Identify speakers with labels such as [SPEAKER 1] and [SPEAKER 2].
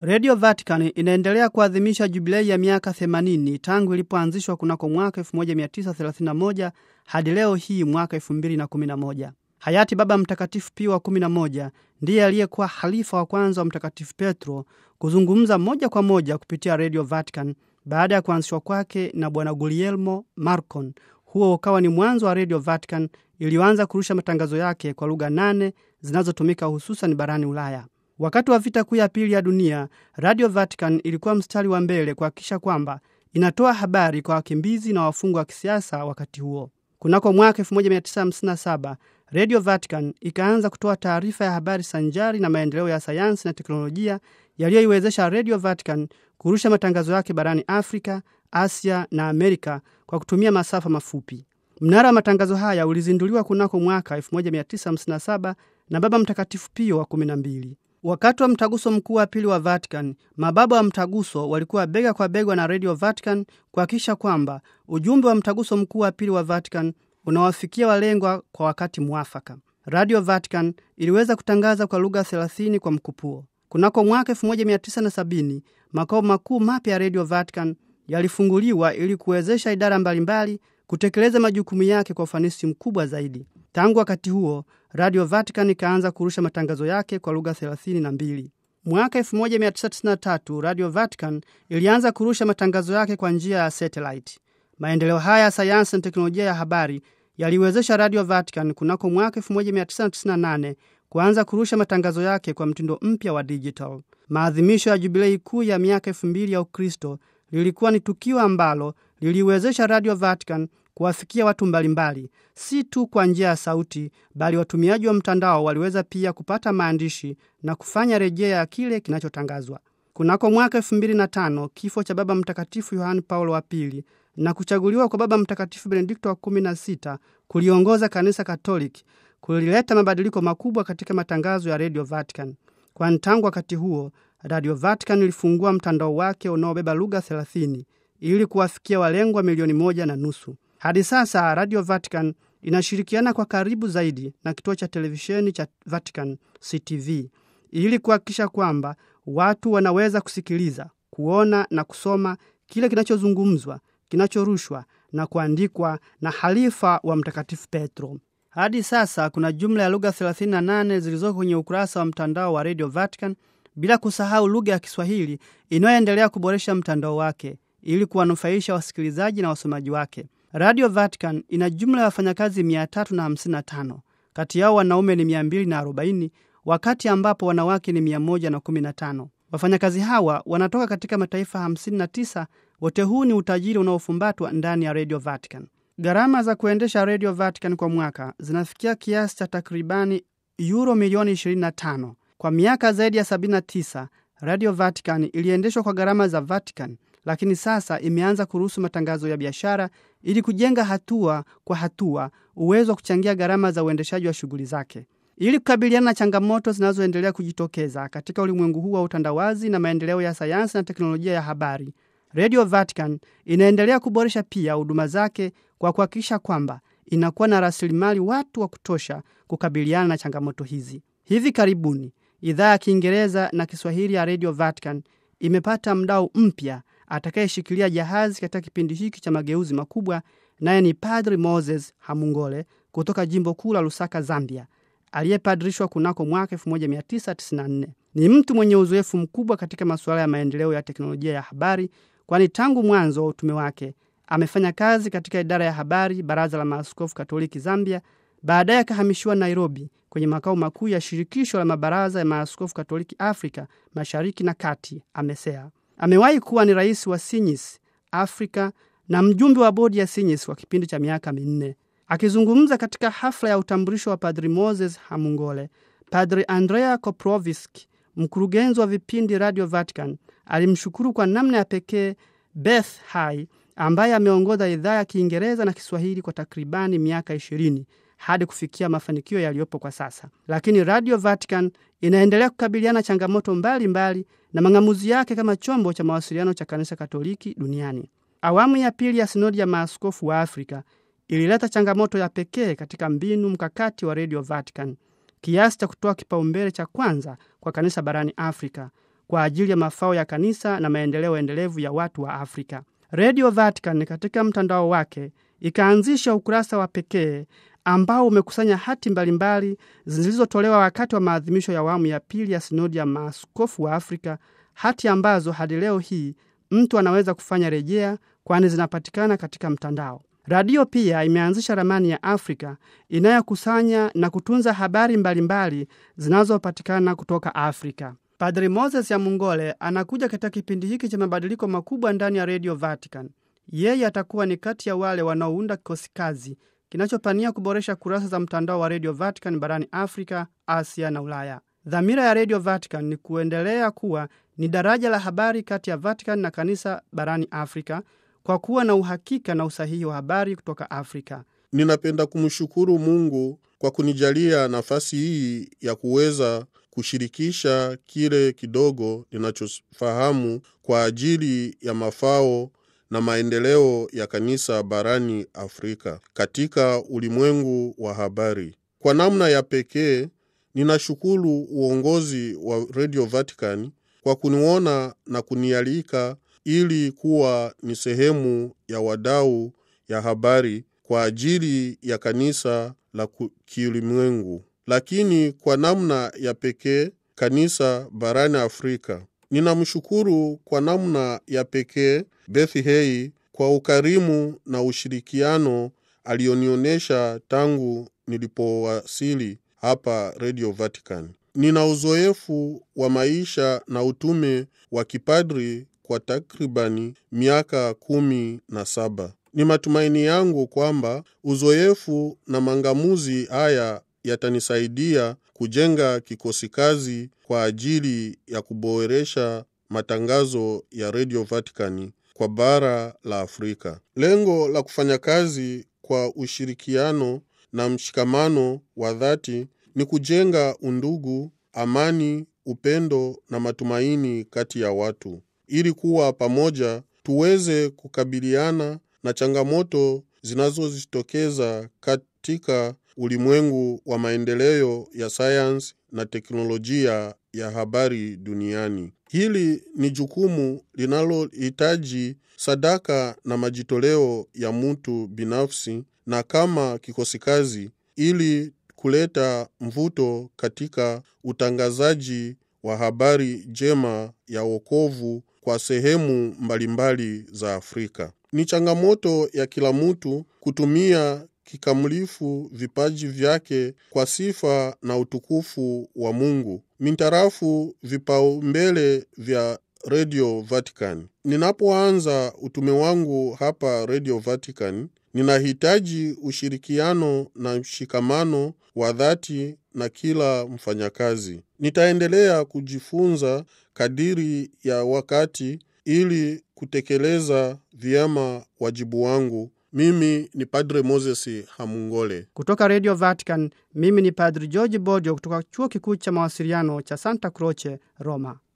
[SPEAKER 1] Radio Vatican inaendelea kuadhimisha jubilei ya miaka 80 tangu ilipoanzishwa kunako mwaka 1931 hadi leo hii mwaka 2011. Hayati Baba Mtakatifu Pio wa 11 ndiye aliyekuwa halifa wa kwanza wa Mtakatifu Petro kuzungumza moja kwa moja kupitia Radio Vatican baada ya kuanzishwa kwake na Bwana Guglielmo Marcon. Huo ukawa ni mwanzo wa Radio Vatican iliyoanza kurusha matangazo yake kwa lugha nane zinazotumika hususan barani Ulaya. Wakati wa vita kuu ya pili ya dunia, Radio Vatican ilikuwa mstari wa mbele kuhakikisha kwamba inatoa habari kwa wakimbizi na wafungwa wa kisiasa wakati huo. Kunako mwaka 1957 Radio Vatican ikaanza kutoa taarifa ya habari sanjari na maendeleo ya sayansi na teknolojia yaliyoiwezesha Radio Vatican kurusha matangazo yake barani Afrika, Asia na Amerika kwa kutumia masafa mafupi. Mnara wa matangazo haya ulizinduliwa kunako mwaka 1957 na Baba Mtakatifu Pio wa 12. Wakati wa mtaguso mkuu wa pili wa Vatican, mababa wa mtaguso walikuwa bega kwa bega na Radio Vatican kuhakikisha kwamba ujumbe wa mtaguso mkuu wa pili wa Vatican unawafikia walengwa kwa wakati mwafaka. Radio Vatican iliweza kutangaza kwa lugha 30 kwa mkupuo. Kunako mwaka 1970 makao makuu mapya ya Radio Vatican yalifunguliwa ili kuwezesha idara mbalimbali kutekeleza majukumu yake kwa ufanisi mkubwa zaidi. Tangu wakati huo, Radio Vatican ikaanza kurusha matangazo yake kwa lugha 32. Mwaka 1993 Radio Vatican ilianza kurusha matangazo yake kwa njia ya satellite. Maendeleo haya ya sayansi na teknolojia ya habari yaliwezesha Radio Vatican kunako mwaka 1998 kuanza kurusha matangazo yake kwa mtindo mpya wa digital. Maadhimisho ya jubilei kuu ya miaka 2000 ya Ukristo lilikuwa ni tukio ambalo liliwezesha Radio Vatican kuwafikia watu mbalimbali, si tu kwa njia ya sauti, bali watumiaji wa mtandao waliweza pia kupata maandishi na kufanya rejea ya kile kinachotangazwa. Kunako mwaka tano kifo cha Baba Mtakatifu Yohani Paulo wa pili na kuchaguliwa kwa Baba Mtakatifu Benedikto wa 16 kuliongoza kanisa Katoliki kulileta mabadiliko makubwa katika matangazo ya Radio Vatican, kwani tangu wakati huo Radio Vatican ilifungua mtandao wake unaobeba lugha 30 ili kuwafikia walengwa milioni moja na nusu. Hadi sasa Radio Vatican inashirikiana kwa karibu zaidi na kituo cha televisheni cha Vatican CTV ili kuhakikisha kwamba watu wanaweza kusikiliza, kuona na kusoma kile kinachozungumzwa, kinachorushwa na kuandikwa na halifa wa Mtakatifu Petro. Hadi sasa kuna jumla ya lugha 38 zilizoko kwenye ukurasa wa mtandao wa Radio Vatican, bila kusahau lugha ya Kiswahili inayoendelea kuboresha mtandao wake ili kuwanufaisha wasikilizaji na wasomaji wake. Radio Vatican ina jumla ya wafanyakazi 355, kati yao wanaume ni 240, wakati ambapo wanawake ni 115. Wafanyakazi hawa wanatoka katika mataifa 59. Wote huu ni utajiri unaofumbatwa ndani ya Radio Vatican. Gharama za kuendesha Radio Vatican kwa mwaka zinafikia kiasi cha takribani yuro milioni 25. Kwa miaka zaidi ya 79 Radio Vatican iliendeshwa kwa gharama za Vatican, lakini sasa imeanza kuruhusu matangazo ya biashara ili kujenga hatua kwa hatua uwezo wa kuchangia gharama za uendeshaji wa shughuli zake. Ili kukabiliana na changamoto zinazoendelea kujitokeza katika ulimwengu huu wa utandawazi na maendeleo ya sayansi na teknolojia ya habari, Radio Vatican inaendelea kuboresha pia huduma zake kwa kuhakikisha kwamba inakuwa na rasilimali watu wa kutosha kukabiliana na changamoto hizi. Hivi karibuni idhaa ya Kiingereza na Kiswahili ya Radio Vatican imepata mdau mpya Atakayeshikilia jahazi katika kipindi hiki cha mageuzi makubwa naye ni Padri Moses Hamungole kutoka jimbo kuu la Lusaka, Zambia, aliyepadrishwa kunako mwaka 1994. Ni mtu mwenye uzoefu mkubwa katika masuala ya maendeleo ya teknolojia ya habari, kwani tangu mwanzo wa utume wake amefanya kazi katika idara ya habari, baraza la maaskofu katoliki Zambia. Baadaye akahamishiwa Nairobi kwenye makao makuu ya shirikisho la mabaraza ya maaskofu katoliki Afrika mashariki na kati, amesea Amewahi kuwa ni rais wa Sinyis Afrika na mjumbe wa bodi ya Sinyis kwa kipindi cha miaka minne. Akizungumza katika hafla ya utambulisho wa Padri Moses Hamungole, Padri Andrea koprovisk mkurugenzi wa vipindi Radio Vatican, alimshukuru kwa namna ya pekee Beth Hai ambaye ameongoza idhaa ya Kiingereza na Kiswahili kwa takribani miaka ishirini hadi kufikia mafanikio yaliyopo kwa sasa. Lakini Radio Vatican inaendelea kukabiliana changamoto mbalimbali mbali na mang'amuzi yake kama chombo cha mawasiliano cha kanisa Katoliki duniani. Awamu ya pili ya sinodi ya maaskofu wa Afrika ilileta changamoto ya pekee katika mbinu mkakati wa Radio Vatican kiasi cha kutoa kipaumbele cha kwanza kwa kanisa barani Afrika kwa ajili ya mafao ya kanisa na maendeleo endelevu ya watu wa Afrika. Radio Vatican katika mtandao wake ikaanzisha ukurasa wa pekee ambao umekusanya hati mbalimbali zilizotolewa wakati wa maadhimisho ya awamu ya pili ya sinodi ya maaskofu wa Afrika, hati ambazo hadi leo hii mtu anaweza kufanya rejea, kwani zinapatikana katika mtandao. Radio pia imeanzisha ramani ya Afrika inayokusanya na kutunza habari mbalimbali zinazopatikana kutoka Afrika. Padri Moses Yamungole anakuja katika kipindi hiki cha mabadiliko makubwa ndani ya Radio Vatican. Yeye atakuwa ni kati ya wale wanaounda kikosi kazi kinachopania kuboresha kurasa za mtandao wa Radio Vatican barani Afrika, Asia na Ulaya. Dhamira ya Radio Vatican ni kuendelea kuwa ni daraja la habari kati ya Vatican na kanisa barani Afrika kwa kuwa na uhakika na usahihi wa habari kutoka Afrika.
[SPEAKER 2] Ninapenda kumshukuru Mungu kwa kunijalia nafasi hii ya kuweza kushirikisha kile kidogo ninachofahamu kwa ajili ya mafao na maendeleo ya kanisa barani Afrika katika ulimwengu wa habari. Kwa namna ya pekee, ninashukuru uongozi wa Radio Vatican kwa kuniona na kunialika ili kuwa ni sehemu ya wadau ya habari kwa ajili ya kanisa la kiulimwengu, lakini kwa namna ya pekee kanisa barani Afrika. Ninamshukuru kwa namna ya pekee bethi Hei kwa ukarimu na ushirikiano alionionyesha tangu nilipowasili hapa Radio Vatican. Nina uzoefu wa maisha na utume wa kipadri kwa takribani miaka kumi na saba. Ni matumaini yangu kwamba uzoefu na mangamuzi haya yatanisaidia kujenga kikosi kazi kwa ajili ya kuboresha matangazo ya Radio Vatican kwa bara la Afrika. Lengo la kufanya kazi kwa ushirikiano na mshikamano wa dhati ni kujenga undugu, amani, upendo na matumaini kati ya watu, ili kuwa pamoja tuweze kukabiliana na changamoto zinazojitokeza katika ulimwengu wa maendeleo ya sayansi na teknolojia ya habari duniani. Hili ni jukumu linalohitaji sadaka na majitoleo ya mtu binafsi na kama kikosikazi ili kuleta mvuto katika utangazaji wa habari njema ya wokovu kwa sehemu mbalimbali za Afrika. Ni changamoto ya kila mtu kutumia kikamilifu vipaji vyake kwa sifa na utukufu wa Mungu mintarafu vipaumbele vya Radio Vatican. Ninapoanza utume wangu hapa Radio Vatican, ninahitaji ushirikiano na mshikamano wa dhati na kila mfanyakazi. Nitaendelea kujifunza kadiri ya wakati ili kutekeleza vyema wajibu wangu mimi ni Padre Moses Hamungole
[SPEAKER 1] kutoka Radio Vatican. Mimi ni Padre George Bodio kutoka chuo kikuu cha mawasiliano cha Santa Croce, Roma.